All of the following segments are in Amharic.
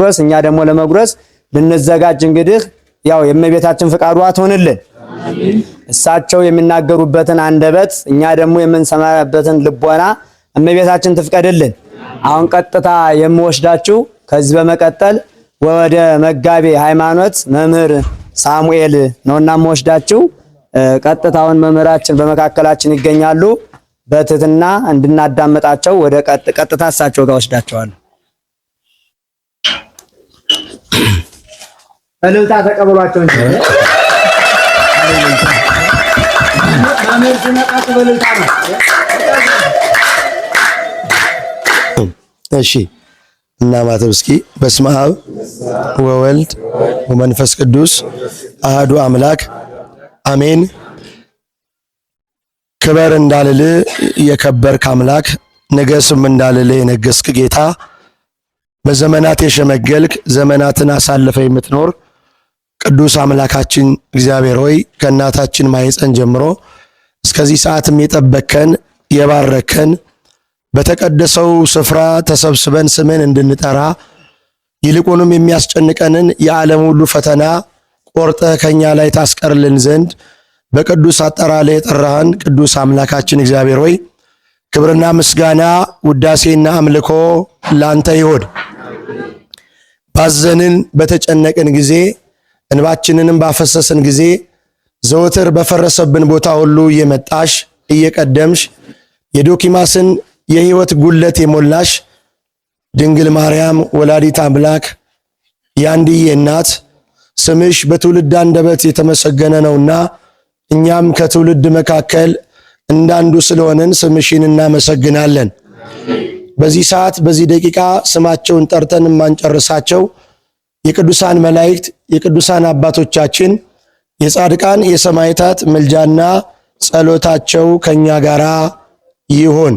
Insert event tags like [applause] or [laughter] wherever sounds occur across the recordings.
ጉረስ እኛ ደግሞ ለመጉረስ ልንዘጋጅ እንግዲህ ያው የእመቤታችን ፍቃዷ ትሆንልን። እሳቸው የሚናገሩበትን አንደበት እኛ ደግሞ የምንሰማበትን ልቦና እመቤታችን ትፍቀድልን። አሁን ቀጥታ የምወስዳችሁ ከዚህ በመቀጠል ወደ መጋቤ ሃይማኖት መምህር ሳሙኤል ነውና የምወስዳችሁ። ቀጥታውን መምህራችን በመካከላችን ይገኛሉ። በትህትና እንድናዳመጣቸው ወደ ቀጥታ እሳቸው ጋር ወስዳቸዋለሁ። እልልታ ተቀበሏቸው እንጂ እሺ። እና ማተብ እስኪ በስመ አብ ወወልድ ወመንፈስ ቅዱስ አህዱ አምላክ አሜን። ክበር እንዳልል የከበርክ አምላክ ንገስም እንዳልል የነገስክ ጌታ በዘመናት የሸመገልክ ዘመናትን አሳልፈ የምትኖር ቅዱስ አምላካችን እግዚአብሔር ሆይ ከእናታችን ማኅፀን ጀምሮ እስከዚህ ሰዓትም የጠበከን የባረከን በተቀደሰው ስፍራ ተሰብስበን ስምን እንድንጠራ ይልቁንም የሚያስጨንቀንን የዓለም ሁሉ ፈተና ቆርጠህ ከኛ ላይ ታስቀርልን ዘንድ በቅዱስ ላይ የጠራህን ቅዱስ አምላካችን እግዚአብሔር ሆይ ክብርና ምስጋና ውዳሴና አምልኮ ላንተ ይሁን። ባዘንን በተጨነቅን ጊዜ እንባችንንም ባፈሰስን ጊዜ ዘወትር በፈረሰብን ቦታ ሁሉ እየመጣሽ እየቀደምሽ የዶኪማስን የሕይወት ጉለት የሞላሽ ድንግል ማርያም ወላዲት አምላክ የአንድዬ እናት ስምሽ በትውልድ አንደበት የተመሰገነ ነውና እኛም ከትውልድ መካከል እንዳንዱ ስለሆንን ስምሽን እናመሰግናለን። በዚህ ሰዓት በዚህ ደቂቃ ስማቸውን ጠርተን የማንጨርሳቸው የቅዱሳን መላእክት፣ የቅዱሳን አባቶቻችን፣ የጻድቃን የሰማዕታት ምልጃና ጸሎታቸው ከኛ ጋራ ይሁን።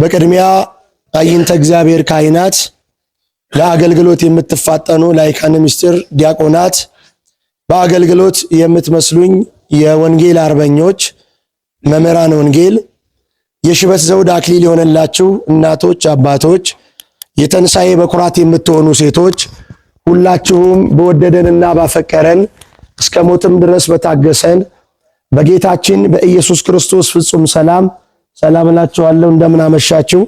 በቅድሚያ አይንተ እግዚአብሔር ካህናት፣ ለአገልግሎት የምትፋጠኑ ላይካን ምስጢር ዲያቆናት፣ በአገልግሎት የምትመስሉኝ የወንጌል አርበኞች መምህራን ወንጌል፣ የሽበት ዘውድ አክሊል የሆነላችሁ እናቶች፣ አባቶች፣ የተንሳኤ በኩራት የምትሆኑ ሴቶች ሁላችሁም በወደደንና ባፈቀረን እስከ ሞትም ድረስ በታገሰን በጌታችን በኢየሱስ ክርስቶስ ፍጹም ሰላም ሰላም እላችኋለሁ። እንደምን አመሻችሁ?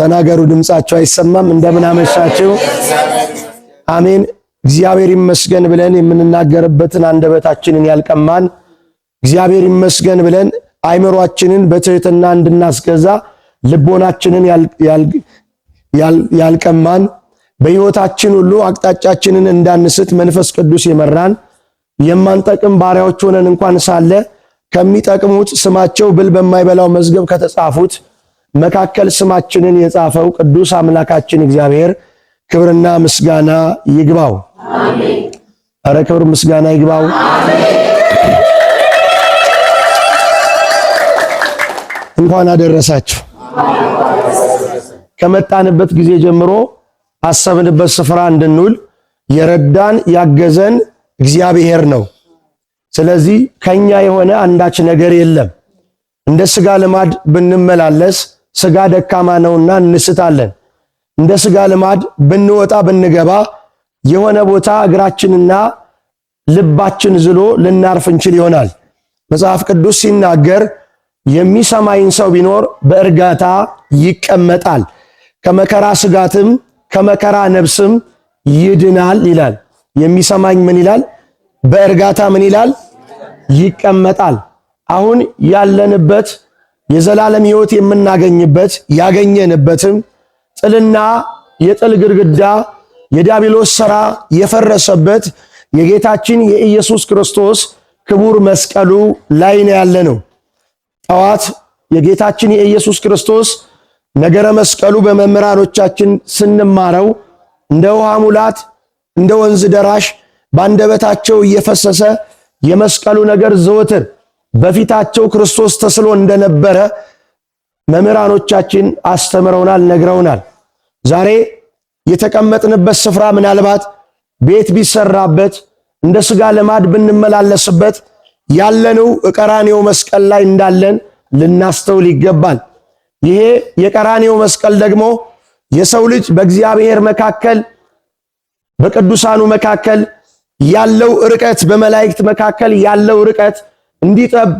ተናገሩ፣ ድምጻችሁ አይሰማም። እንደምን አመሻችሁ? አሜን። እግዚአብሔር ይመስገን ብለን የምንናገርበትን አንደበታችንን ያልቀማን እግዚአብሔር ይመስገን ብለን አይምሯችንን በትህትና እንድናስገዛ ልቦናችንን ያልቀማን በሕይወታችን ሁሉ አቅጣጫችንን እንዳንስት መንፈስ ቅዱስ የመራን የማንጠቅም ባሪያዎች ሆነን እንኳን ሳለ ከሚጠቅሙት ስማቸው ብል በማይበላው መዝገብ ከተጻፉት መካከል ስማችንን የጻፈው ቅዱስ አምላካችን እግዚአብሔር ክብርና ምስጋና ይግባው። አረ ክብር ምስጋና ይግባው። እንኳን አደረሳችሁ። ከመጣንበት ጊዜ ጀምሮ አሰብንበት ስፍራ እንድንውል የረዳን ያገዘን እግዚአብሔር ነው። ስለዚህ ከኛ የሆነ አንዳች ነገር የለም። እንደ ስጋ ልማድ ብንመላለስ ስጋ ደካማ ነውና እንስታለን። እንደ ስጋ ልማድ ብንወጣ ብንገባ የሆነ ቦታ እግራችንና ልባችን ዝሎ ልናርፍ እንችል ይሆናል። መጽሐፍ ቅዱስ ሲናገር የሚሰማኝ ሰው ቢኖር በእርጋታ ይቀመጣል፣ ከመከራ ስጋትም ከመከራ ነፍስም ይድናል ይላል። የሚሰማኝ ምን ይላል? በእርጋታ ምን ይላል? ይቀመጣል። አሁን ያለንበት የዘላለም ሕይወት የምናገኝበት ያገኘንበትም ጥልና የጥል ግድግዳ የዲያብሎስ ሥራ የፈረሰበት የጌታችን የኢየሱስ ክርስቶስ ክቡር መስቀሉ ላይ ነው ያለነው። ጠዋት የጌታችን የኢየሱስ ክርስቶስ ነገረ መስቀሉ በመምህራኖቻችን ስንማረው እንደ ውሃ ሙላት እንደ ወንዝ ደራሽ ባንደበታቸው እየፈሰሰ የመስቀሉ ነገር ዘወትር በፊታቸው ክርስቶስ ተስሎ እንደነበረ መምህራኖቻችን አስተምረውናል፣ ነግረውናል። ዛሬ የተቀመጥንበት ስፍራ ምናልባት ቤት ቢሰራበት እንደ ስጋ ልማድ ብንመላለስበት ያለነው ቀራንዮ መስቀል ላይ እንዳለን ልናስተውል ይገባል። ይሄ የቀራኔው መስቀል ደግሞ የሰው ልጅ በእግዚአብሔር መካከል በቅዱሳኑ መካከል ያለው ርቀት በመላእክት መካከል ያለው ርቀት እንዲጠብ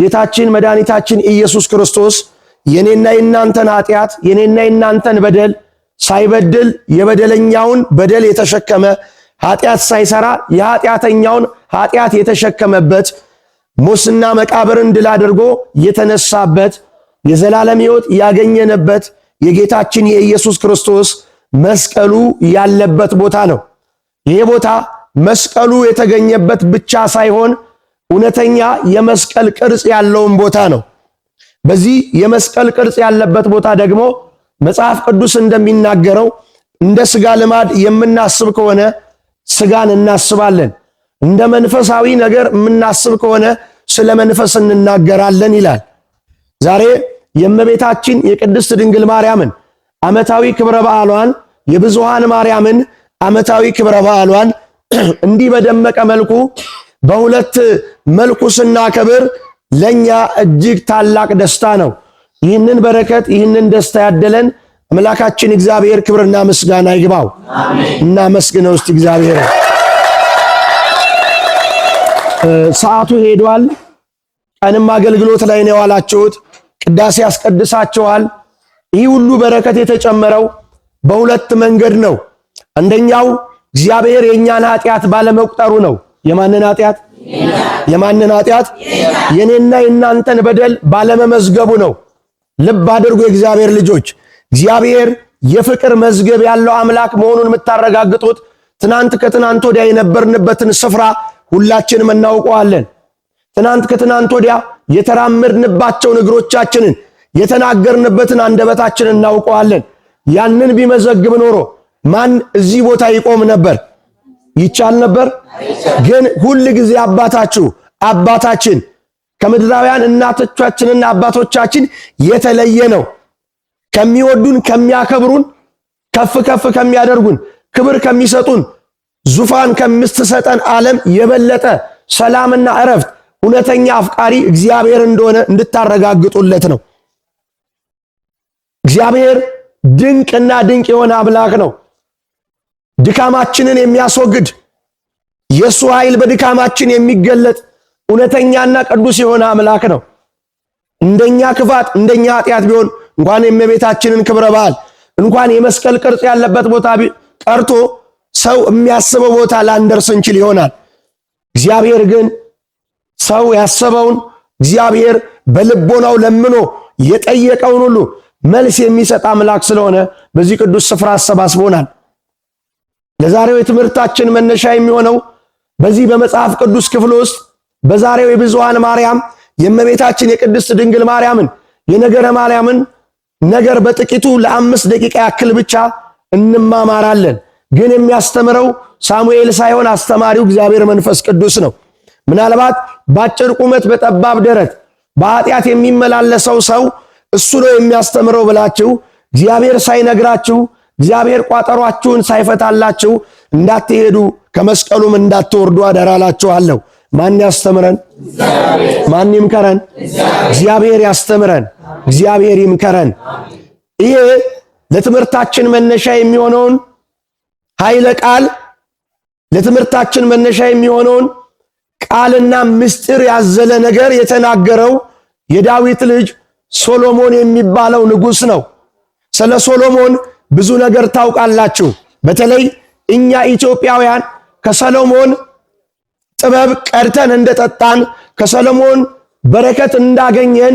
ጌታችን መድኃኒታችን ኢየሱስ ክርስቶስ የኔና የናንተን ኃጢአት የኔና የናንተን በደል ሳይበድል የበደለኛውን በደል የተሸከመ ኃጢአት ሳይሰራ የኃጢአተኛውን ኃጢአት የተሸከመበት ሙስና መቃብርን ድል አድርጎ የተነሳበት የዘላለም ሕይወት ያገኘንበት የጌታችን የኢየሱስ ክርስቶስ መስቀሉ ያለበት ቦታ ነው። ይሄ ቦታ መስቀሉ የተገኘበት ብቻ ሳይሆን እውነተኛ የመስቀል ቅርጽ ያለውን ቦታ ነው። በዚህ የመስቀል ቅርጽ ያለበት ቦታ ደግሞ መጽሐፍ ቅዱስ እንደሚናገረው እንደ ስጋ ልማድ የምናስብ ከሆነ ስጋን እናስባለን፣ እንደ መንፈሳዊ ነገር የምናስብ ከሆነ ስለ መንፈስ እንናገራለን ይላል። ዛሬ የእመቤታችን የቅድስት ድንግል ማርያምን ዓመታዊ ክብረ በዓሏን የብዙሃን ማርያምን ዓመታዊ ክብረ በዓሏን [clears throat] እንዲህ በደመቀ መልኩ በሁለት መልኩ ስናከብር ለኛ እጅግ ታላቅ ደስታ ነው። ይህንን በረከት ይህንን ደስታ ያደለን አምላካችን እግዚአብሔር ክብርና ምስጋና ይግባው። እናመስግነው እስቲ እግዚአብሔር። ሰዓቱ ሄዷል። ቀንም አገልግሎት ላይ ነው ያላችሁት። ቅዳሴ ያስቀድሳቸዋል። ይህ ሁሉ በረከት የተጨመረው በሁለት መንገድ ነው። አንደኛው እግዚአብሔር የእኛን ኃጢአት ባለመቁጠሩ ነው። የማንን ኃጢአት? የማንን ኃጢአት? የኔና የናንተን በደል ባለመመዝገቡ ነው። ልብ አድርጎ የእግዚአብሔር ልጆች፣ እግዚአብሔር የፍቅር መዝገብ ያለው አምላክ መሆኑን የምታረጋግጡት ትናንት ከትናንት ወዲያ የነበርንበትን ስፍራ ሁላችንም እናውቀዋለን። ትናንት ከትናንት ወዲያ የተራመድንባቸውን እግሮቻችንን የተናገርንበትን አንደበታችንን እናውቀዋለን። ያንን ቢመዘግብ ኖሮ ማን እዚህ ቦታ ይቆም ነበር? ይቻል ነበር። ግን ሁል ጊዜ አባታችሁ አባታችን ከምድራውያን እናቶቻችንና አባቶቻችን የተለየ ነው። ከሚወዱን ከሚያከብሩን፣ ከፍ ከፍ ከሚያደርጉን፣ ክብር ከሚሰጡን፣ ዙፋን ከምትሰጠን ዓለም የበለጠ ሰላምና እረፍት እውነተኛ አፍቃሪ እግዚአብሔር እንደሆነ እንድታረጋግጡለት ነው። እግዚአብሔር ድንቅና ድንቅ የሆነ አምላክ ነው። ድካማችንን የሚያስወግድ የእሱ ኃይል በድካማችን የሚገለጥ እውነተኛና ቅዱስ የሆነ አምላክ ነው። እንደኛ ክፋት እንደኛ ኃጢአት ቢሆን እንኳን የእመቤታችንን ክብረ በዓል እንኳን የመስቀል ቅርጽ ያለበት ቦታ ቀርቶ ሰው የሚያስበው ቦታ ላንደርስ እንችል ይሆናል። እግዚአብሔር ግን ሰው ያሰበውን እግዚአብሔር በልቦናው ለምኖ የጠየቀውን ሁሉ መልስ የሚሰጥ አምላክ ስለሆነ በዚህ ቅዱስ ስፍራ አሰባስቦናል። ለዛሬው የትምህርታችን መነሻ የሚሆነው በዚህ በመጽሐፍ ቅዱስ ክፍል ውስጥ በዛሬው የብዙሃን ማርያም የእመቤታችን የቅድስት ድንግል ማርያምን የነገረ ማርያምን ነገር በጥቂቱ ለአምስት ደቂቃ ያክል ብቻ እንማማራለን። ግን የሚያስተምረው ሳሙኤል ሳይሆን አስተማሪው እግዚአብሔር መንፈስ ቅዱስ ነው። ምናልባት በአጭር ቁመት በጠባብ ደረት በኃጢአት የሚመላለሰው ሰው እሱ ነው የሚያስተምረው ብላችሁ እግዚአብሔር ሳይነግራችሁ እግዚአብሔር ቋጠሯችሁን ሳይፈታላችሁ እንዳትሄዱ ከመስቀሉም እንዳትወርዱ አደራላችኋለሁ። ማን ያስተምረን? ማን ይምከረን? እግዚአብሔር ያስተምረን፣ እግዚአብሔር ይምከረን። ይሄ ለትምህርታችን መነሻ የሚሆነውን ኃይለ ቃል ለትምህርታችን መነሻ የሚሆነውን ቃልና ምስጢር ያዘለ ነገር የተናገረው የዳዊት ልጅ ሶሎሞን የሚባለው ንጉሥ ነው። ስለ ሶሎሞን ብዙ ነገር ታውቃላችሁ። በተለይ እኛ ኢትዮጵያውያን ከሰሎሞን ጥበብ ቀድተን እንደጠጣን ከሰሎሞን በረከት እንዳገኘን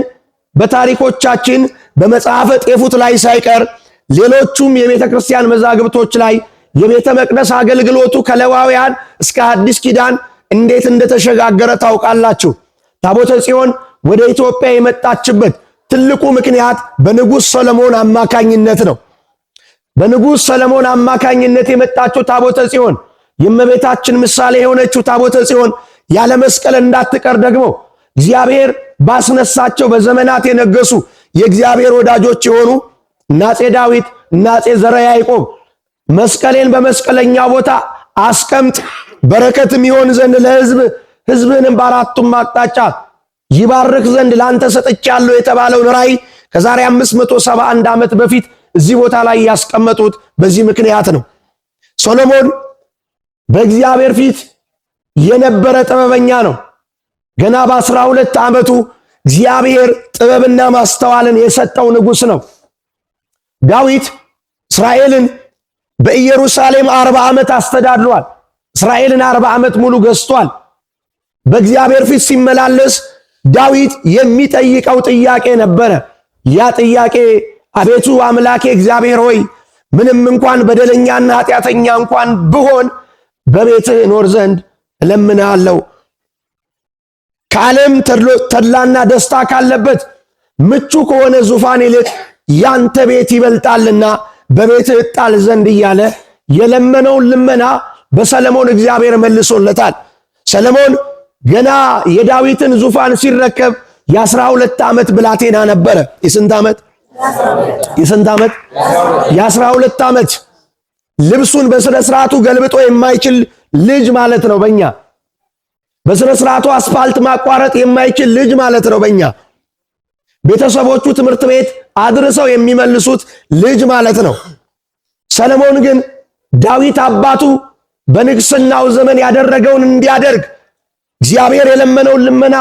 በታሪኮቻችን በመጽሐፈ ጤፉት ላይ ሳይቀር ሌሎቹም የቤተ ክርስቲያን መዛግብቶች ላይ የቤተ መቅደስ አገልግሎቱ ከለዋውያን እስከ አዲስ ኪዳን እንዴት እንደተሸጋገረ ታውቃላችሁ። ታቦተ ጽዮን ወደ ኢትዮጵያ የመጣችበት ትልቁ ምክንያት በንጉሥ ሰለሞን አማካኝነት ነው። በንጉሥ ሰለሞን አማካኝነት የመጣችው ታቦተ ጽዮን የእመቤታችን ምሳሌ የሆነችው ታቦተ ጽዮን ያለ መስቀል እንዳትቀር ደግሞ እግዚአብሔር ባስነሳቸው በዘመናት የነገሱ የእግዚአብሔር ወዳጆች የሆኑ ናጼ ዳዊት ናጼ አፄ ዘርዓ ያዕቆብ መስቀሌን በመስቀለኛው ቦታ አስቀምጥ በረከትም ይሆን ዘንድ ለሕዝብ ሕዝብንም በአራቱም አቅጣጫ ይባርክ ዘንድ ላንተ ሰጥቻለሁ የተባለውን ራእይ ከዛሬ 571 ዓመት በፊት እዚህ ቦታ ላይ ያስቀመጡት በዚህ ምክንያት ነው። ሶሎሞን በእግዚአብሔር ፊት የነበረ ጥበበኛ ነው። ገና በአስራ 12 ዓመቱ እግዚአብሔር ጥበብና ማስተዋልን የሰጠው ንጉሥ ነው። ዳዊት እስራኤልን በኢየሩሳሌም 40 ዓመት አስተዳድሯል። እስራኤልን አርባ ዓመት ሙሉ ገዝቷል። በእግዚአብሔር ፊት ሲመላለስ ዳዊት የሚጠይቀው ጥያቄ ነበረ። ያ ጥያቄ አቤቱ አምላኬ እግዚአብሔር ሆይ ምንም እንኳን በደለኛና ኃጢአተኛ እንኳን ብሆን በቤትህ እኖር ዘንድ እለምንሃለሁ። ከዓለም ተድላና ደስታ ካለበት ምቹ ከሆነ ዙፋን ይልቅ ያንተ ቤት ይበልጣልና በቤትህ እጣል ዘንድ እያለ የለመነውን ልመና በሰለሞን እግዚአብሔር መልሶለታል። ሰለሞን ገና የዳዊትን ዙፋን ሲረከብ የአስራ ሁለት ዓመት ብላቴና ነበረ። የስንት ዓመት? የስንት ዓመት? የአስራ ሁለት ዓመት ልብሱን በስነ ስርዓቱ ገልብጦ የማይችል ልጅ ማለት ነው በእኛ። በስነ ስርዓቱ አስፋልት ማቋረጥ የማይችል ልጅ ማለት ነው በእኛ። ቤተሰቦቹ ትምህርት ቤት አድርሰው የሚመልሱት ልጅ ማለት ነው። ሰለሞን ግን ዳዊት አባቱ በንግስናው ዘመን ያደረገውን እንዲያደርግ እግዚአብሔር የለመነውን ልመና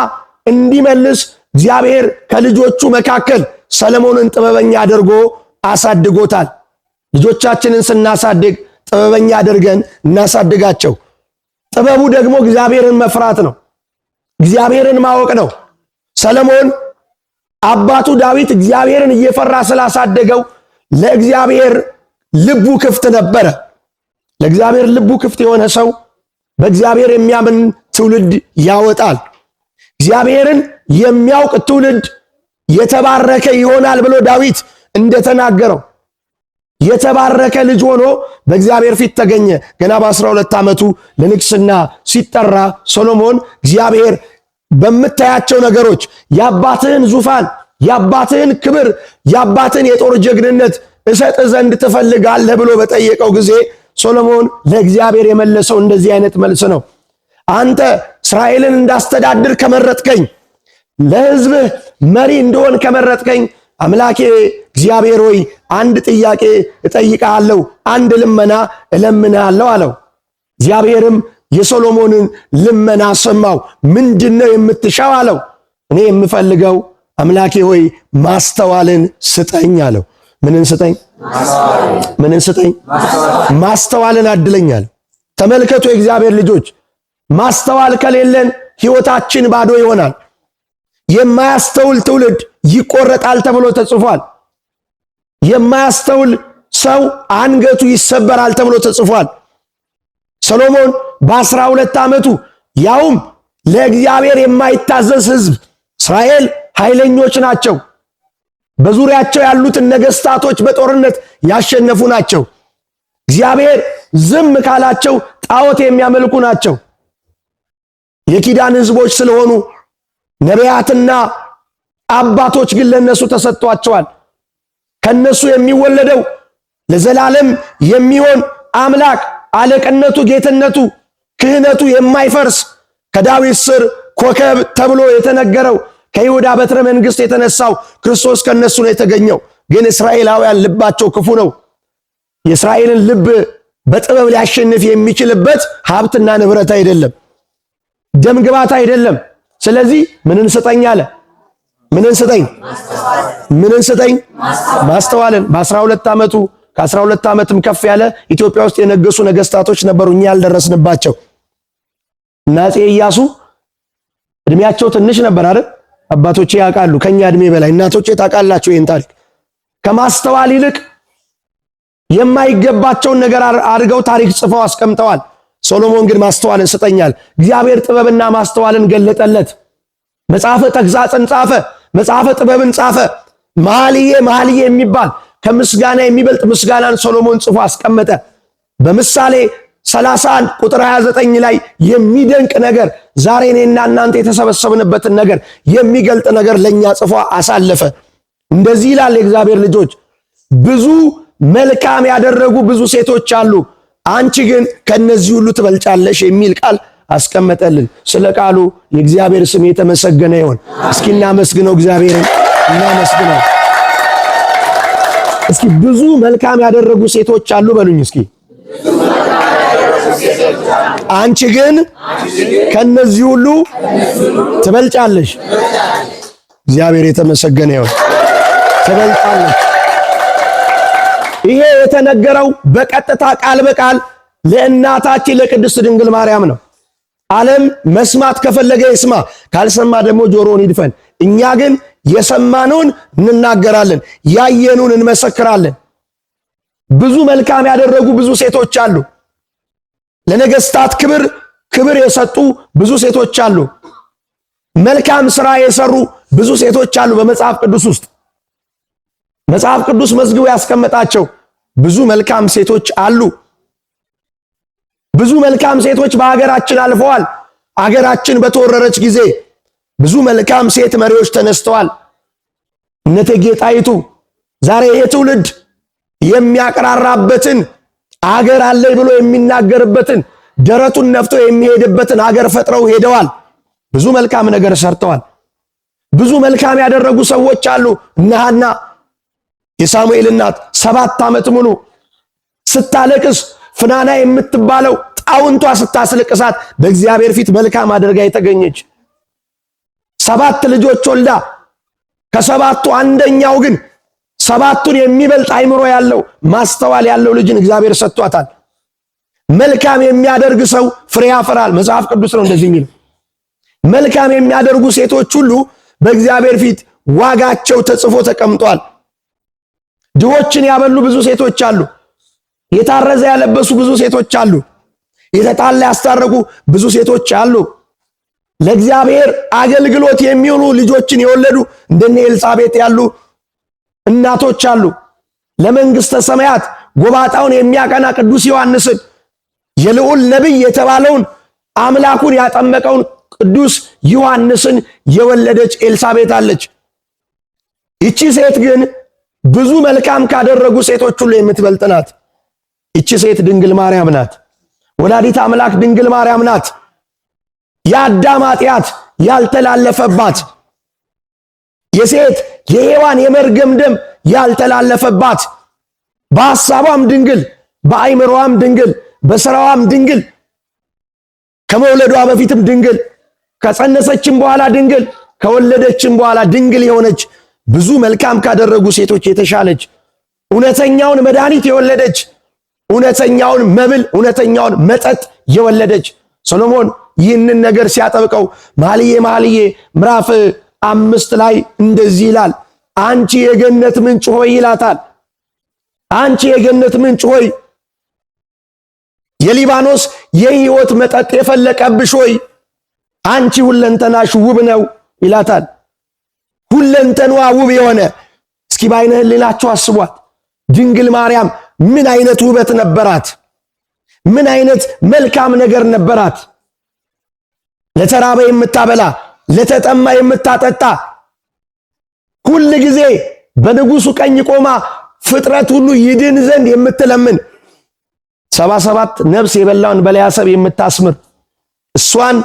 እንዲመልስ እግዚአብሔር ከልጆቹ መካከል ሰለሞንን ጥበበኛ አድርጎ አሳድጎታል። ልጆቻችንን ስናሳድግ ጥበበኛ አድርገን እናሳድጋቸው። ጥበቡ ደግሞ እግዚአብሔርን መፍራት ነው፣ እግዚአብሔርን ማወቅ ነው። ሰለሞን አባቱ ዳዊት እግዚአብሔርን እየፈራ ስላሳደገው ለእግዚአብሔር ልቡ ክፍት ነበረ። ለእግዚአብሔር ልቡ ክፍት የሆነ ሰው በእግዚአብሔር የሚያምን ትውልድ ያወጣል። እግዚአብሔርን የሚያውቅ ትውልድ የተባረከ ይሆናል ብሎ ዳዊት እንደተናገረው የተባረከ ልጅ ሆኖ በእግዚአብሔር ፊት ተገኘ። ገና በአስራ ሁለት ዓመቱ ለንግስና ሲጠራ ሶሎሞን እግዚአብሔር በምታያቸው ነገሮች የአባትህን ዙፋን፣ የአባትህን ክብር፣ የአባትህን የጦር ጀግንነት እሰጥ ዘንድ ትፈልጋለህ ብሎ በጠየቀው ጊዜ ሶሎሞን ለእግዚአብሔር የመለሰው እንደዚህ አይነት መልስ ነው። አንተ እስራኤልን እንዳስተዳድር ከመረጥከኝ፣ ለሕዝብህ መሪ እንደሆን ከመረጥከኝ፣ አምላኬ እግዚአብሔር ሆይ አንድ ጥያቄ እጠይቅሃለሁ፣ አንድ ልመና እለምንሃለሁ አለው። እግዚአብሔርም የሶሎሞንን ልመና ሰማው። ምንድነው የምትሻው አለው። እኔ የምፈልገው አምላኬ ሆይ ማስተዋልን ስጠኝ አለው። ምንን ስጠኝ ምንን ስጠኝ ማስተዋልን አድለኛል። ተመልከቱ የእግዚአብሔር ልጆች ማስተዋል ከሌለን ሕይወታችን ባዶ ይሆናል። የማያስተውል ትውልድ ይቆረጣል ተብሎ ተጽፏል። የማያስተውል ሰው አንገቱ ይሰበራል ተብሎ ተጽፏል። ሰሎሞን በአስራ ሁለት ዓመቱ ያውም ለእግዚአብሔር የማይታዘዝ ሕዝብ እስራኤል ኃይለኞች ናቸው። በዙሪያቸው ያሉትን ነገስታቶች በጦርነት ያሸነፉ ናቸው። እግዚአብሔር ዝም ካላቸው ጣዖት የሚያመልኩ ናቸው። የኪዳን ሕዝቦች ስለሆኑ ነቢያትና አባቶች ግን ለነሱ ተሰጥቷቸዋል። ከነሱ የሚወለደው ለዘላለም የሚሆን አምላክ አለቅነቱ፣ ጌትነቱ፣ ክህነቱ የማይፈርስ ከዳዊት ስር ኮከብ ተብሎ የተነገረው ከይሁዳ በትረ መንግስት የተነሳው ክርስቶስ ከነሱ ነው የተገኘው። ግን እስራኤላውያን ልባቸው ክፉ ነው። የእስራኤልን ልብ በጥበብ ሊያሸንፍ የሚችልበት ሀብትና ንብረት አይደለም፣ ደም ግባት አይደለም። ስለዚህ ምንን ስጠኝ አለ። ምንን ስጠኝ? ምንን ስጠኝ? ማስተዋልን። በ በ12 ዓመቱ ከ12 ዓመትም ከፍ ያለ ኢትዮጵያ ውስጥ የነገሱ ነገስታቶች ነበሩ እኛ ያልደረስንባቸው። ናፄ ኢያሱ እድሜያቸው ትንሽ ነበር አይደል? አባቶቼ ያውቃሉ ከኛ እድሜ በላይ እናቶቼ ታውቃላችሁ ይህን ታሪክ ከማስተዋል ይልቅ የማይገባቸውን ነገር አድርገው ታሪክ ጽፈው አስቀምጠዋል ሶሎሞን ግን ማስተዋልን ስጠኛል እግዚአብሔር ጥበብና ማስተዋልን ገለጠለት መጽሐፈ ተግሳጽን ጻፈ መጽሐፈ ጥበብን ጻፈ መኃልየ መኃልየ የሚባል ከምስጋና የሚበልጥ ምስጋናን ሶሎሞን ጽፎ አስቀመጠ በምሳሌ 31 ቁጥር 29 ላይ የሚደንቅ ነገር ዛሬ እኔና እናንተ የተሰበሰብንበትን ነገር የሚገልጥ ነገር ለእኛ ጽፎ አሳለፈ። እንደዚህ ይላል፣ የእግዚአብሔር ልጆች ብዙ መልካም ያደረጉ ብዙ ሴቶች አሉ፣ አንቺ ግን ከእነዚህ ሁሉ ትበልጫለሽ የሚል ቃል አስቀመጠልን። ስለ ቃሉ የእግዚአብሔር ስም የተመሰገነ ይሆን። እስኪ እናመስግነው፣ እግዚአብሔርን እናመስግነው። እስኪ ብዙ መልካም ያደረጉ ሴቶች አሉ በሉኝ እስኪ አንቺ ግን ከነዚህ ሁሉ ትበልጫለሽ። እግዚአብሔር የተመሰገነ ይሁን። ትበልጫለሽ። ይሄ የተነገረው በቀጥታ ቃል በቃል ለእናታችን ለቅድስት ድንግል ማርያም ነው። ዓለም መስማት ከፈለገ ይስማ፣ ካልሰማ ደግሞ ጆሮውን ይድፈን። እኛ ግን የሰማነውን እንናገራለን፣ ያየኑን እንመሰክራለን። ብዙ መልካም ያደረጉ ብዙ ሴቶች አሉ። ለነገስታት ክብር ክብር የሰጡ ብዙ ሴቶች አሉ። መልካም ስራ የሰሩ ብዙ ሴቶች አሉ። በመጽሐፍ ቅዱስ ውስጥ መጽሐፍ ቅዱስ መዝግቦ ያስቀመጣቸው ብዙ መልካም ሴቶች አሉ። ብዙ መልካም ሴቶች በሀገራችን አልፈዋል። አገራችን በተወረረች ጊዜ ብዙ መልካም ሴት መሪዎች ተነስተዋል። እነ እቴጌ ጣይቱ ዛሬ ይሄ ትውልድ የሚያቀራራበትን አገር አለኝ ብሎ የሚናገርበትን ደረቱን ነፍቶ የሚሄድበትን አገር ፈጥረው ሄደዋል። ብዙ መልካም ነገር ሰርተዋል። ብዙ መልካም ያደረጉ ሰዎች አሉ። እነ የሳሙኤል እናት ሰባት ዓመት ሙሉ ስታለቅስ ፍናና የምትባለው ጣውንቷ ስታስለቅሳት በእግዚአብሔር ፊት መልካም አድርጋ የተገኘች ሰባት ልጆች ወልዳ ከሰባቱ አንደኛው ግን ሰባቱን የሚበልጥ አይምሮ ያለው ማስተዋል ያለው ልጅን እግዚአብሔር ሰጥቷታል። መልካም የሚያደርግ ሰው ፍሬ ያፈራል። መጽሐፍ ቅዱስ ነው እንደዚህ የሚል። መልካም የሚያደርጉ ሴቶች ሁሉ በእግዚአብሔር ፊት ዋጋቸው ተጽፎ ተቀምጧል። ድሆችን ያበሉ ብዙ ሴቶች አሉ። የታረዘ ያለበሱ ብዙ ሴቶች አሉ። የተጣላ ያስታረቁ ብዙ ሴቶች አሉ። ለእግዚአብሔር አገልግሎት የሚውሉ ልጆችን የወለዱ እንደነ ኤልሳቤጥ ያሉ እናቶች አሉ። ለመንግስተ ሰማያት ጎባጣውን የሚያቀና ቅዱስ ዮሐንስን የልዑል ነቢይ የተባለውን አምላኩን ያጠመቀውን ቅዱስ ዮሐንስን የወለደች ኤልሳቤት አለች። ይቺ ሴት ግን ብዙ መልካም ካደረጉ ሴቶች ሁሉ የምትበልጥ ናት። ይቺ ሴት ድንግል ማርያም ናት። ወላዲት አምላክ ድንግል ማርያም ናት። የአዳም ኃጢአት ያልተላለፈባት የሴት የሔዋን የመርገም ደም ያልተላለፈባት በሐሳቧም ድንግል በአይምሮዋም ድንግል በስራዋም ድንግል ከመውለዷ በፊትም ድንግል ከጸነሰችም በኋላ ድንግል ከወለደችም በኋላ ድንግል የሆነች ብዙ መልካም ካደረጉ ሴቶች የተሻለች እውነተኛውን መድኃኒት የወለደች እውነተኛውን መብል እውነተኛውን መጠጥ የወለደች ሰሎሞን ይህንን ነገር ሲያጠብቀው መኃልየ መኃልየ ምዕራፍ አምስት ላይ እንደዚህ ይላል፣ አንቺ የገነት ምንጭ ሆይ ይላታል። አንቺ የገነት ምንጭ ሆይ የሊባኖስ የሕይወት መጠጥ የፈለቀብሽ ሆይ አንቺ ሁለንተናሽ ውብ ነው ይላታል። ሁለንተኗ ውብ የሆነ እስኪ በዓይነ ሕሊናችሁ አስቧት። ድንግል ማርያም ምን አይነት ውበት ነበራት? ምን አይነት መልካም ነገር ነበራት? ለተራበ የምታበላ ለተጠማ የምታጠጣ ሁል ጊዜ በንጉሱ ቀኝ ቆማ ፍጥረት ሁሉ ይድን ዘንድ የምትለምን ሰባ ሰባት ነፍስ የበላውን በለያሰብ የምታስምር እሷን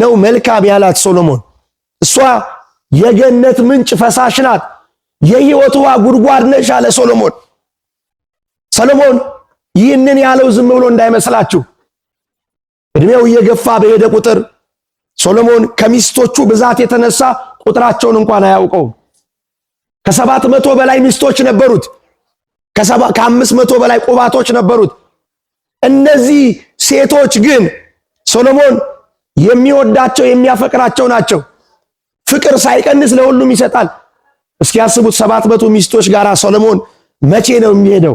ነው መልካም ያላት ሶሎሞን። እሷ የገነት ምንጭ ፈሳሽ ናት፣ የሕይወት ውሃ ጉድጓድ ነሽ አለ ሶሎሞን። ሰሎሞን ይህንን ያለው ዝም ብሎ እንዳይመስላችሁ። እድሜው እየገፋ በሄደ ቁጥር ሶሎሞን ከሚስቶቹ ብዛት የተነሳ ቁጥራቸውን እንኳን አያውቀውም። ከሰባት መቶ በላይ ሚስቶች ነበሩት። ከአምስት መቶ በላይ ቁባቶች ነበሩት። እነዚህ ሴቶች ግን ሶሎሞን የሚወዳቸው የሚያፈቅራቸው ናቸው። ፍቅር ሳይቀንስ ለሁሉም ይሰጣል። እስኪ ያስቡት፣ ሰባት መቶ ሚስቶች ጋር ሶሎሞን መቼ ነው የሚሄደው?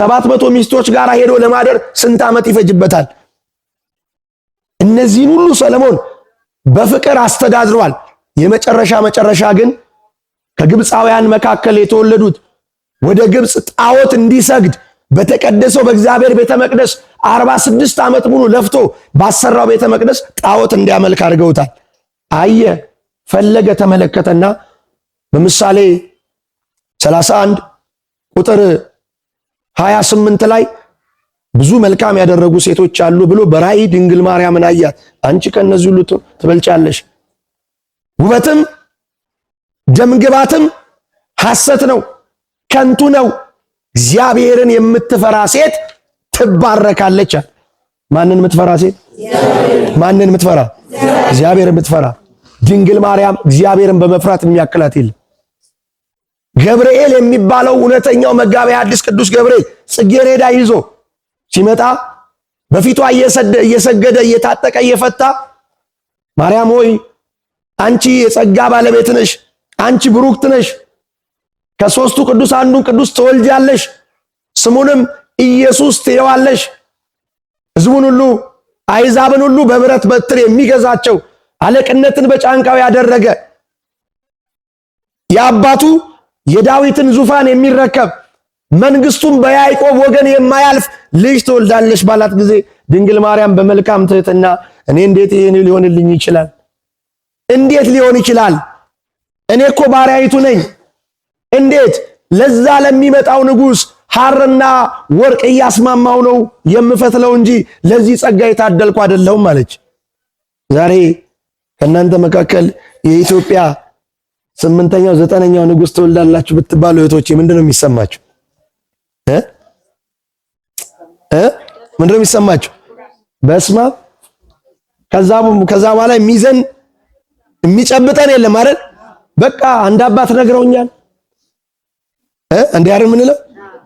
ሰባት መቶ ሚስቶች ጋር ሄዶ ለማደር ስንት ዓመት ይፈጅበታል? እነዚህን ሁሉ ሰለሞን በፍቅር አስተዳድሯል። የመጨረሻ መጨረሻ ግን ከግብፃውያን መካከል የተወለዱት ወደ ግብፅ ጣዖት እንዲሰግድ በተቀደሰው በእግዚአብሔር ቤተ መቅደስ 46 ዓመት ሙሉ ለፍቶ ባሰራው ቤተ መቅደስ ጣዖት እንዲያመልክ አድርገውታል። አየ ፈለገ ተመለከተና በምሳሌ 31 ቁጥር 28 ላይ ብዙ መልካም ያደረጉ ሴቶች አሉ ብሎ በራእይ ድንግል ማርያምን አያት። አንቺ ከነዚህ ሁሉ ትበልጫለሽ። ውበትም ደምግባትም ሐሰት ነው፣ ከንቱ ነው። እግዚአብሔርን የምትፈራ ሴት ትባረካለች። ማንን የምትፈራ ሴት? ማንን የምትፈራ? እግዚአብሔር የምትፈራ ድንግል ማርያም እግዚአብሔርን በመፍራት የሚያክላት የለም። ገብርኤል የሚባለው እውነተኛው መጋቢያ አዲስ ቅዱስ ገብርኤል ጽጌሬዳ ይዞ ሲመጣ በፊቷ እየሰገደ እየታጠቀ እየፈታ ማርያም ሆይ አንቺ የጸጋ ባለቤት ነሽ፣ አንቺ ብሩክት ነሽ፣ ከሶስቱ ቅዱስ አንዱን ቅዱስ ትወልጃለሽ፣ ስሙንም ኢየሱስ ትየዋለሽ፣ ሕዝቡን ሁሉ አይዛብን ሁሉ በብረት በትር የሚገዛቸው አለቅነትን በጫንቃው ያደረገ የአባቱ የዳዊትን ዙፋን የሚረከብ መንግስቱም በያዕቆብ ወገን የማያልፍ ልጅ ትወልዳለች ባላት ጊዜ ድንግል ማርያም በመልካም ትህትና እኔ እንዴት ይሄን ሊሆንልኝ ይችላል? እንዴት ሊሆን ይችላል? እኔ እኮ ባሪያይቱ ነኝ። እንዴት ለዛ ለሚመጣው ንጉስ ሐርና ወርቅ እያስማማው ነው የምፈትለው እንጂ ለዚህ ጸጋ የታደልኩ አይደለሁም አለች። ዛሬ ከእናንተ መካከል የኢትዮጵያ ስምንተኛው ዘጠነኛው ንጉስ ትወልዳላችሁ ብትባሉ እህቶቼ ምንድነው ነው የሚሰማችሁ? ምንድን ነው የሚሰማቸው? በስማ ከዛ በኋላ የሚዘን የሚጨብጠን የለም አይደል? በቃ አንድ አባት ነግረውኛል። እንዲህ አይደል የምንለው?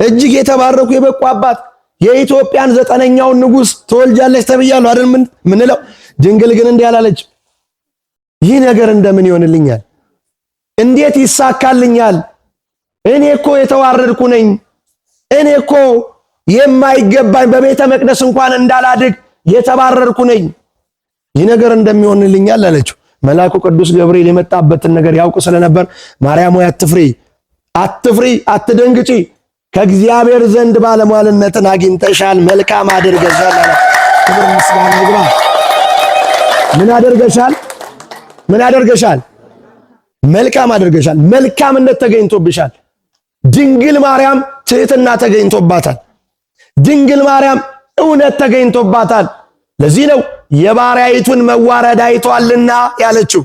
እጅግ የተባረኩ የበቁ አባት የኢትዮጵያን ዘጠነኛውን ንጉስ ትወልጃለች ተብያለሁ አይደል የምንለው? ድንግል ግን እንዲህ አላለች። ይህ ነገር እንደምን ይሆንልኛል? እንዴት ይሳካልኛል? እኔ እኮ የተዋረድኩ ነኝ እኔ እኮ የማይገባኝ በቤተ መቅደስ እንኳን እንዳላድግ የተባረርኩ ነኝ። ይህ ነገር እንደሚሆንልኛል አለችው። መልአኩ ቅዱስ ገብርኤል የመጣበትን ነገር ያውቅ ስለነበር ማርያም ሆይ አትፍሪ፣ አትፍሪ፣ አትደንግጪ ከእግዚአብሔር ዘንድ ባለሟልነትን አግኝተሻል፣ መልካም አድርገሻል አለ። ክብር ምስጋና ይግባ። ምን አደርገሻል? ምን አደርገሻል? መልካም አድርገሻል። መልካምነት ተገኝቶብሻል። ድንግል ማርያም ትህትና ተገኝቶባታል። ድንግል ማርያም እውነት ተገኝቶባታል። ለዚህ ነው የባሪያይቱን መዋረድ አይቷልና ያለችው።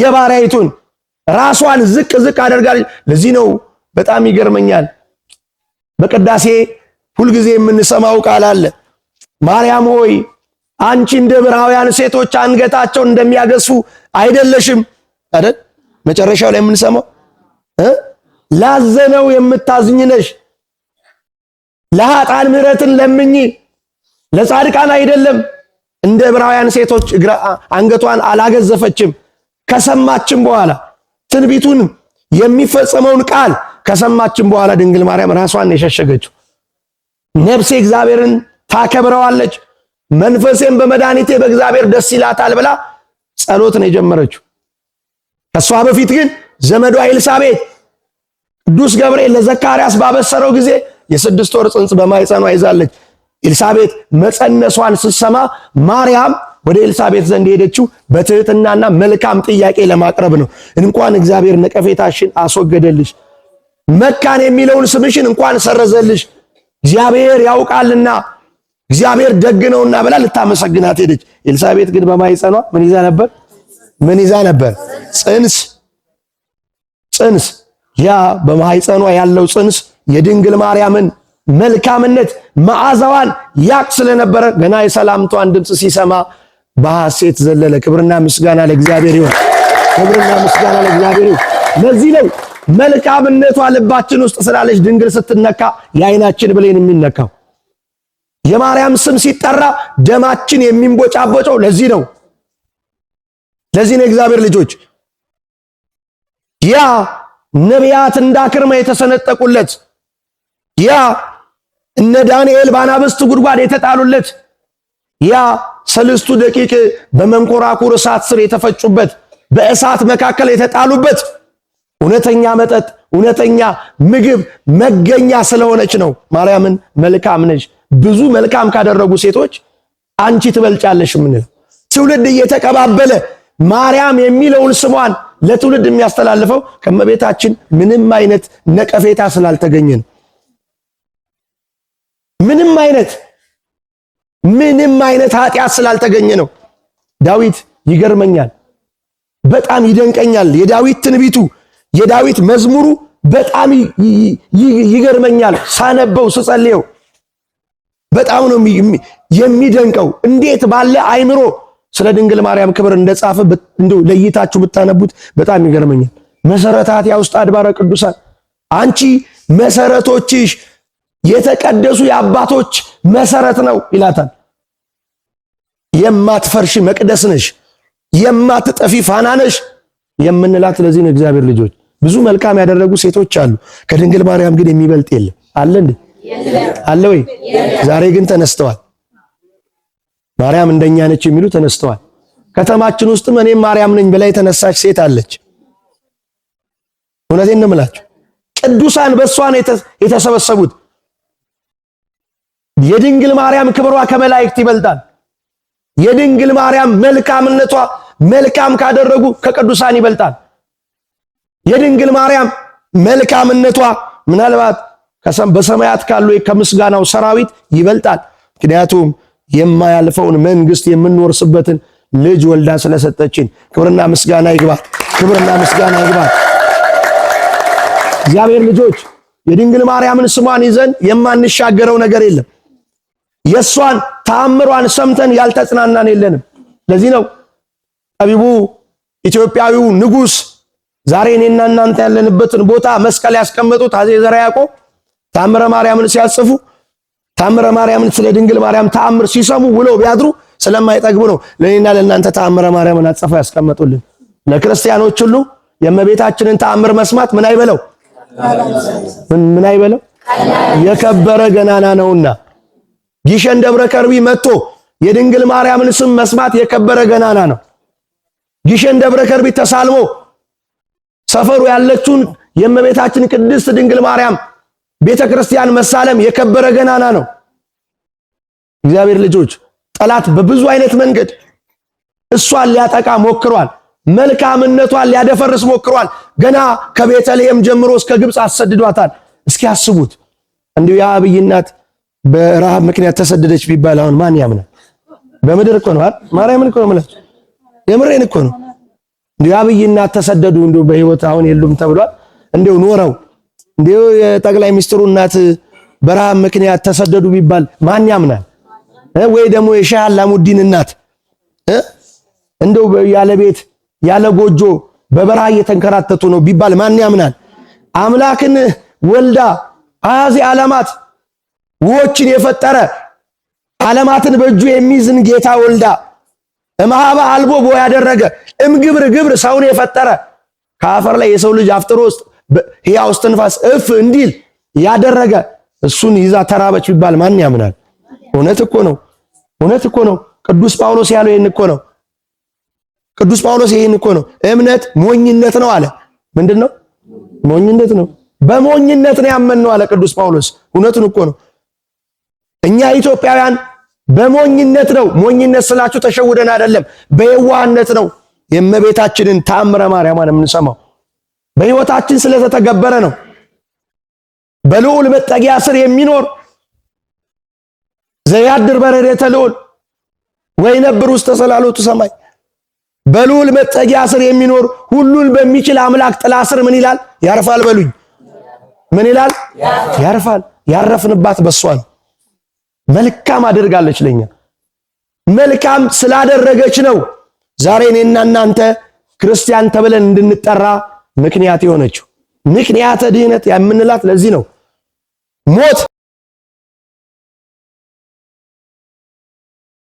የባሪያይቱን ራሷን ዝቅ ዝቅ አደርጋለች። ለዚህ ነው በጣም ይገርመኛል። በቅዳሴ ሁልጊዜ የምንሰማው ቃል አለ። ማርያም ሆይ አንቺ እንደ ዕብራውያን ሴቶች አንገታቸውን እንደሚያገሱ አይደለሽም አይደል? መጨረሻው ላይ የምንሰማው ላዘነው የምታዝኝ ነሽ። ለኃጥአን ምሕረትን ለምኚ፣ ለጻድቃን አይደለም። እንደ ዕብራውያን ሴቶች አንገቷን አላገዘፈችም። ከሰማችም በኋላ ትንቢቱን የሚፈጸመውን ቃል ከሰማችም በኋላ ድንግል ማርያም ራሷን የሸሸገችው ነፍሴ እግዚአብሔርን ታከብረዋለች፣ መንፈሴም በመድኃኒቴ በእግዚአብሔር ደስ ይላታል ብላ ጸሎት ነው የጀመረችው። ከእሷ በፊት ግን ዘመዷ አይልሳቤት። ቅዱስ ገብርኤል ለዘካርያስ ባበሰረው ጊዜ የስድስት ወር ጽንስ በማይጸኗ ይዛለች። ኤልሳቤት መጸነሷን ስትሰማ ማርያም ወደ ኤልሳቤት ዘንድ የሄደችው በትህትናና መልካም ጥያቄ ለማቅረብ ነው። እንኳን እግዚአብሔር ነቀፌታሽን አስወገደልሽ፣ መካን የሚለውን ስምሽን እንኳን ሰረዘልሽ፣ እግዚአብሔር ያውቃልና እግዚአብሔር ደግ ነውና ብላ ልታመሰግናት ሄደች። ኤልሳቤት ግን በማኅፀኗ ምን ይዛ ነበር? ምን ይዛ ነበር? ጽንስ ጽንስ ያ በማህፀኗ ያለው ጽንስ የድንግል ማርያምን መልካምነት መዓዛዋን ያቅ ስለነበረ ገና የሰላምቷን ድምፅ ሲሰማ በሐሴት ዘለለ። ክብርና ምስጋና ለእግዚአብሔር ይሁን። ክብርና ምስጋና ለእግዚአብሔር ይሁን። ለዚህ ነው መልካምነቷ ልባችን ውስጥ ስላለች ድንግል ስትነካ የአይናችን ብሌን የሚነካው የማርያም ስም ሲጠራ ደማችን የሚንቦጫቦጨው ለዚህ ነው። ለዚህ ነው እግዚአብሔር ልጆች ያ ነቢያት እንዳክርማ የተሰነጠቁለት ያ እነ ዳንኤል ባናብስት ጉድጓድ የተጣሉለት ያ ሰልስቱ ደቂቅ በመንኮራኩር እሳት ስር የተፈጩበት በእሳት መካከል የተጣሉበት እውነተኛ መጠጥ እውነተኛ ምግብ መገኛ ስለሆነች ነው። ማርያምን መልካም ነች፣ ብዙ መልካም ካደረጉ ሴቶች አንቺ ትበልጫለሽ። ምን ትውልድ እየተቀባበለ ማርያም የሚለውን ስሟን ለትውልድ የሚያስተላልፈው ከመቤታችን ምንም አይነት ነቀፌታ ስላልተገኘ ነው። ምንም አይነት ምንም አይነት ኃጢአት ስላልተገኘ ነው። ዳዊት ይገርመኛል፣ በጣም ይደንቀኛል። የዳዊት ትንቢቱ የዳዊት መዝሙሩ በጣም ይገርመኛል። ሳነበው ስጸልየው በጣም ነው የሚደንቀው። እንዴት ባለ አይምሮ ስለ ድንግል ማርያም ክብር እንደጻፈ እንዲሁ ለይታችሁ ብታነቡት በጣም ይገርመኛል። መሰረታት ያውስጥ አድባረ ቅዱሳን አንቺ መሰረቶችሽ የተቀደሱ የአባቶች መሰረት ነው ይላታል። የማትፈርሽ መቅደስ ነሽ፣ የማትጠፊ ፋና ነሽ የምንላት ለዚህ ነው። እግዚአብሔር ልጆች ብዙ መልካም ያደረጉ ሴቶች አሉ። ከድንግል ማርያም ግን የሚበልጥ የለም። አለ እንዴ? አለ ወይ? ዛሬ ግን ተነስተዋል። ማርያም እንደኛ ነች የሚሉ ተነስተዋል። ከተማችን ውስጥም እኔም ማርያም ነኝ ብላ የተነሳች ሴት አለች። እውነቴን ነው የምላችሁ። ቅዱሳን በእሷ ነው የተሰበሰቡት። የድንግል ማርያም ክብሯ ከመላእክት ይበልጣል። የድንግል ማርያም መልካምነቷ መልካም ካደረጉ ከቅዱሳን ይበልጣል። የድንግል ማርያም መልካምነቷ ምናልባት በሰማያት ካሉ ከምስጋናው ሰራዊት ይበልጣል። ምክንያቱም የማያልፈውን መንግስት የምንወርስበትን ልጅ ወልዳ ስለሰጠችን ክብርና ምስጋና ይግባት። ክብርና ምስጋና ይግባት። እግዚአብሔር ልጆች የድንግል ማርያምን ስሟን ይዘን የማንሻገረው ነገር የለም። የእሷን ተአምሯን ሰምተን ያልተጽናናን የለንም። ለዚህ ነው ጠቢቡ ኢትዮጵያዊው ንጉስ ዛሬ እኔና እናንተ ያለንበትን ቦታ መስቀል ያስቀመጡት አፄ ዘርዓ ያዕቆብ ተአምረ ማርያምን ሲያጽፉ ታምረ ማርያምን ስለ ድንግል ማርያም ተአምር ሲሰሙ ውለው ቢያድሩ ስለማይጠግቡ ነው ለእኔና ለእናንተ ተአምረ ማርያምን አጽፈው ያስቀመጡልን። ለክርስቲያኖች ሁሉ የእመቤታችንን ተአምር መስማት ምን አይበለው ምን አይበለው የከበረ ገናና ነውና ጊሸን ደብረ ከርቢ መጥቶ የድንግል ማርያምን ስም መስማት የከበረ ገናና ነው። ጊሸን ደብረ ከርቢ ተሳልሞ ሰፈሩ ያለችውን የእመቤታችን ቅድስት ድንግል ማርያም ቤተ ክርስቲያን መሳለም የከበረ ገናና ነው። እግዚአብሔር ልጆች፣ ጠላት በብዙ አይነት መንገድ እሷን ሊያጠቃ ሞክሯል። መልካምነቷን ሊያደፈርስ ሞክሯል። ገና ከቤተልሔም ጀምሮ እስከ ግብፅ አሰድዷታል። እስኪ አስቡት እንዲሁ የአብይ እናት በረሃብ ምክንያት ተሰደደች ቢባል አሁን ማን ያምናል? በምድር እኮ ነው አይደል? ማርያምን እኮ ነው ማለት የምሬን እኮ ነው። እንዲሁ የአብይ እናት ተሰደዱ እንዲሁ በህይወት አሁን የሉም ተብሏል። እንዲሁ ኖረው እንዲሁ የጠቅላይ ሚኒስትሩ እናት በረሃብ ምክንያት ተሰደዱ ቢባል ማን ያምናል? ወይ ደግሞ የሻህ አላሙዲን እናት እንደው ያለ ቤት ያለ ጎጆ በበረሃ እየተንከራተቱ ነው ቢባል ማን ያምናል? አምላክን ወልዳ አያዚ ዓለማት ውሆችን የፈጠረ ዓለማትን በእጁ የሚዝን ጌታ ወልዳ እምሃበ አልቦ ቦ ያደረገ እምግብር ግብር ሰውን የፈጠረ ከአፈር ላይ የሰው ልጅ አፍጥሮ ውስጥ ሕያው እስትንፋስ እፍ እንዲል ያደረገ እሱን ይዛ ተራበች ቢባል ማን ያምናል? እውነት እኮ ነው። እውነት እኮ ነው። ቅዱስ ጳውሎስ ያለው ይሄን እኮ ነው። ቅዱስ ጳውሎስ ይሄን እኮ ነው። እምነት ሞኝነት ነው አለ። ምንድን ነው? ሞኝነት ነው። በሞኝነት ነው ያመንነው አለ ቅዱስ ጳውሎስ። እውነቱን እኮ ነው። እኛ ኢትዮጵያውያን በሞኝነት ነው። ሞኝነት ስላችሁ ተሸውደን አይደለም፣ በየዋህነት ነው የእመቤታችንን ተአምረ ማርያም የምንሰማው። በህይወታችን ስለተተገበረ ነው። በልዑል መጠጊያ ስር የሚኖር ዘያድር በረድኤተ ልዑል ወይነብር ውስተ ሰላሎቱ ሰማይ በልዑል መጠጊያ ስር የሚኖር ሁሉን በሚችል አምላክ ጥላ ስር ምን ይላል? ያርፋል። በሉኝ ምን ይላል? ያርፋል። ያረፍንባት በሷል መልካም አድርጋለች ለኛ መልካም ስላደረገች ነው ዛሬ እኔና እናንተ ክርስቲያን ተብለን እንድንጠራ ምክንያት የሆነችው ምክንያተ ድህነት የምንላት ለዚህ ነው። ሞት